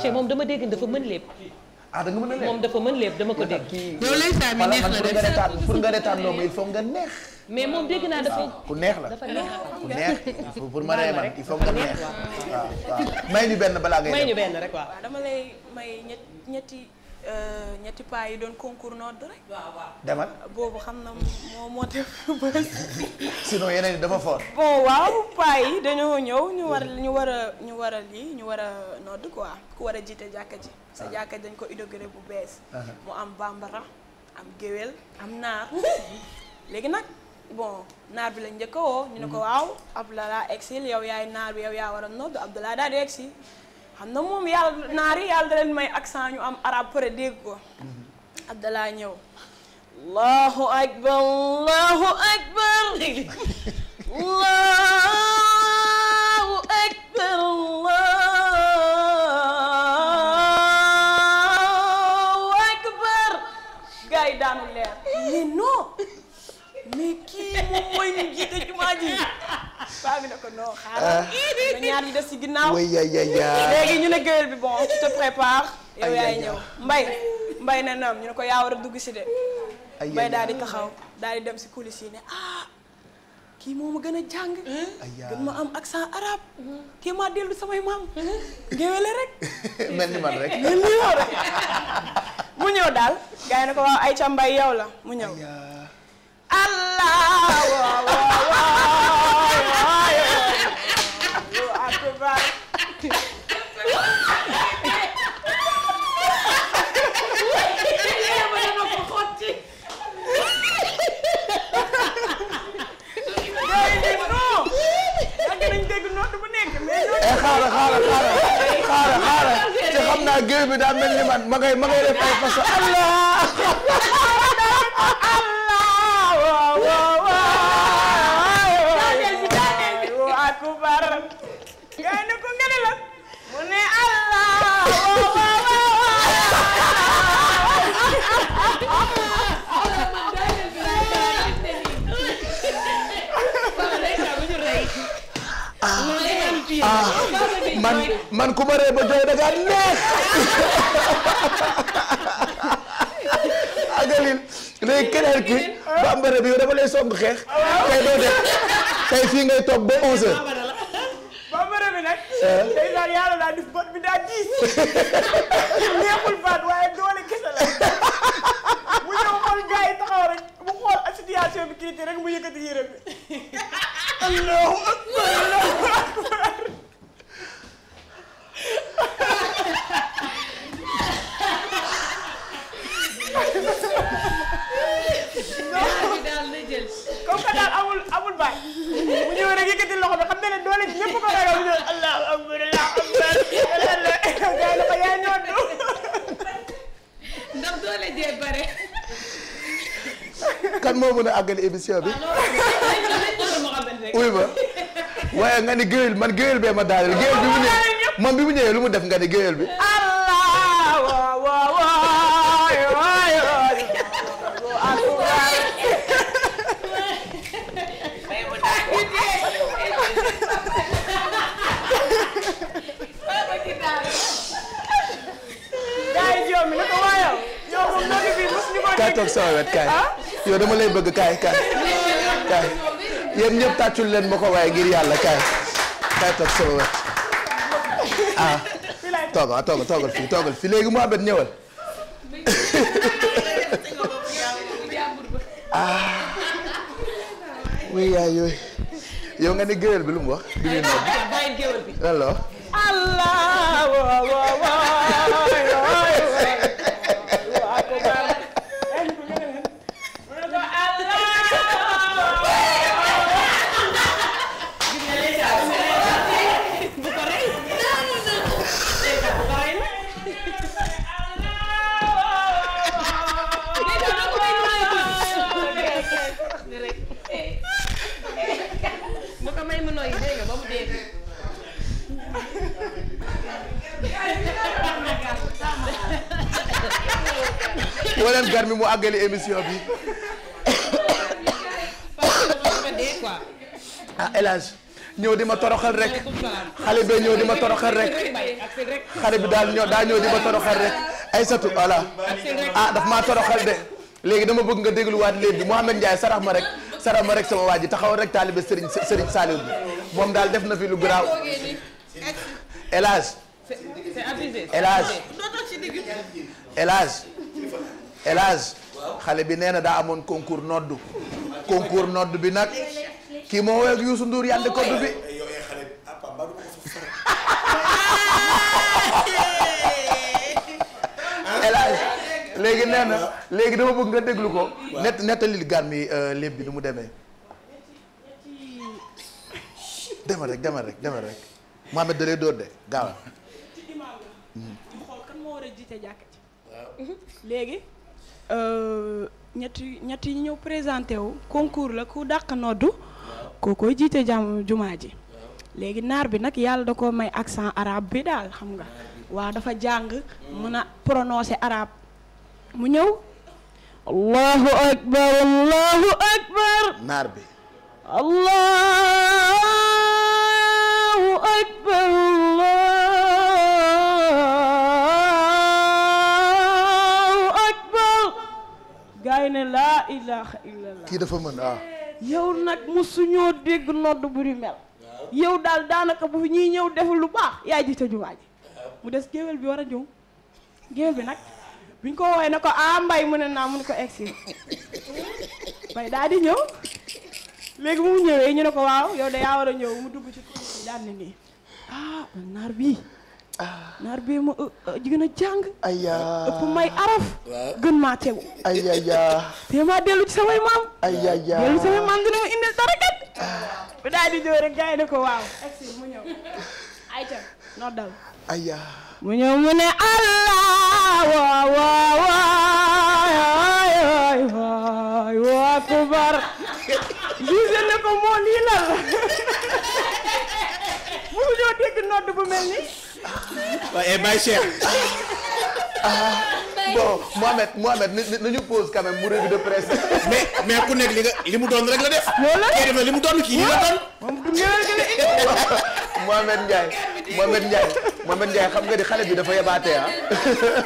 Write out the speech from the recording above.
Cheikh moom dama dégg dafa mën lépp. ah da mën a lépp moom dafa mën lépp dama ko dégg. yow lay saa mi neex na de sax pour nga retaan loo ma nga neex. mais moom dégg naa dafa ah, ku neex la dafa neex ku neex pour ma ree man il faut nga neex waaw ah, waaw may ñu benn balaa ngay may ñu benn rek waa dama lay may ñetti. Euh, ñetti paa yi doon concours nodd rek. waaw demal. boobu xam na moo moo def bës. sinon yeneen yi dafa fort. bon waaw paa yi dañoo ñëw ñu war ñu war a ñu war a lii ñu war a nodd quoi ku war a jiite jàkka ji. sa ah. jàkka dañ ko inauguré bu bees. Ah. mu am bambara am géwél am naar léegi nag. bon naar bi lañ njëkk woo ñu ne ko mm. waaw Abdoulaye egsi yow yaay naar bi yow yaa war a nodd Abdoulaye daal di egsi xam na moom yàlla naari yàlla da leen may accent ñu am arab pare dégg ko Abdallah ñëw akbar allahu akbar ko non ah. xaaral. ñaar ñu des ci ginnaaw. léegi ñu ne géwél bi bon tu te prépares. yow yaay ñëw mbay mbay ne naam ñu ne ko yaa war a dugg si de. mbay daal di taxaw daal di dem si coulisse yi ne ah. kii moo ma gën a jàng. gën ma am accent arabe. Mm-hmm. kii maa dellu samay maam. Mm-hmm. géwéle rek. mel ni man rek mel ni yow mu ñëw daal gars yi ne ko waaw Aïcha Mbaye yow la mu ñëw. xaaral xaaral xaaral te xam naa géew bi daa mel ni man ma ngay ma ngay def ay façon allah. ah man ku ma ree ba jooy da ngaa neex agalil léegi keneen ki ah. bambara bi yow dafa lay song xeex ah. tey doo def fii ngay toog ba 11 heures. bambara ah. bi nag. tey neexul baat waaye doole kese la bu ñëw xool gars yi taxaw rek bu xool situation bi critique rek mu yëkkati yére bi. malik kan moo mën a àggali émission bi uy ma waaye nga ni géwél man géwél bee ma daaneel géwél bi mu ñëwee moom bi mu ñëwee lu mu def nga ni géwél bi kaay toog sama wet kaay ah? yow dama lay bëgg kaay kaay kaay yéen ñëpp leen ma ko waaye gi yàlla kaay kaay toog sama wet ah toogal ah toogal toogal fii toogal fii léegi Mouhamed ñëwal ah oui yaay yooyu yow nga ne géwél bi lu mu wax. bi muy nodd boo leen garmi mu àggali émission bi. ah El Hadj ñëw di ma toroxal rek xale bi ñëw di ma toroxal rek xale bi daal ñëw daa ñëw di ma toroxal rek ay satu voilà ah daf maa toroxal de léegi dama bëgg nga dégluwaat léegi Mouhamed Ndiaye sarax ma rek sarax ma rek sama waa ji taxawal rek taalibe Serigne Serigne Saliou bi moom daal def na fi lu garaaw El Hadj El xale bi nee na daa amoon concours nodd concours nodd bi nag kii moo woy ak Youssou Ndour yànd bi El léegi nee na léegi dama bëgg nga déglu ko nett nettalil gan mi euh, léeb bi nu mu demee demal rek demal rek demal rek Mohamed da lay dóor de gaaw ci la hmm. léegi Euh, ñetti ñett yi ñëw présenté wu concours la ku dàq noddu koo koy jiite jàmm jumaa ji léegi naar bi nag yàlla da ko may accent arabe bi daal xam nga waaw dafa jàng mën a prononcer arabe mu ñëw allahu akbar allahu akbar naar bi allahu akbar ilaha kii dafa mën ah. yow nag mosuñoo dégg nodd bu ñu mel yow daal daanaka bu ñuy ñëw deful lu baax yaay ji tëjuwaay mu des géwél bi war a ñëw géwél bi nag biñ ko woowee ne ko ah mbay mu ne naa mu ne ko egsi mbay daal di ñëw léegi mu ñëwee ñu ne ko waaw yow de yaa war a ñëw mu dugg ci tuuti daan na nii ah naar bii Ah. naar bii ma eh, eh, gën a jàng. ayya may araf. gën maa tegu. ayya te dellu ci samay maam. dellu ci samay maam dina ma indil dara kat. bu ah. daal di ñëw ko waaw. agsi mu ñëw mu ñëw mu ne allah waa waa waay waa kubar. gisee ne ko moo lii lan la. mu ñëw dégg nodd bu mel nii. waaye eh, Baye Cheikh. bon Mohamed Mohamed nañu pose quand même mu revue de presse. mais mais ku nekk li nga li mu doon rek la def. loolu la def na li mu doon kii li la doon. moom du Mohamed Ndiaye Mohamed Ndiaye Mohamed Ndiaye xam nga di xale bi dafa yebaatee ah.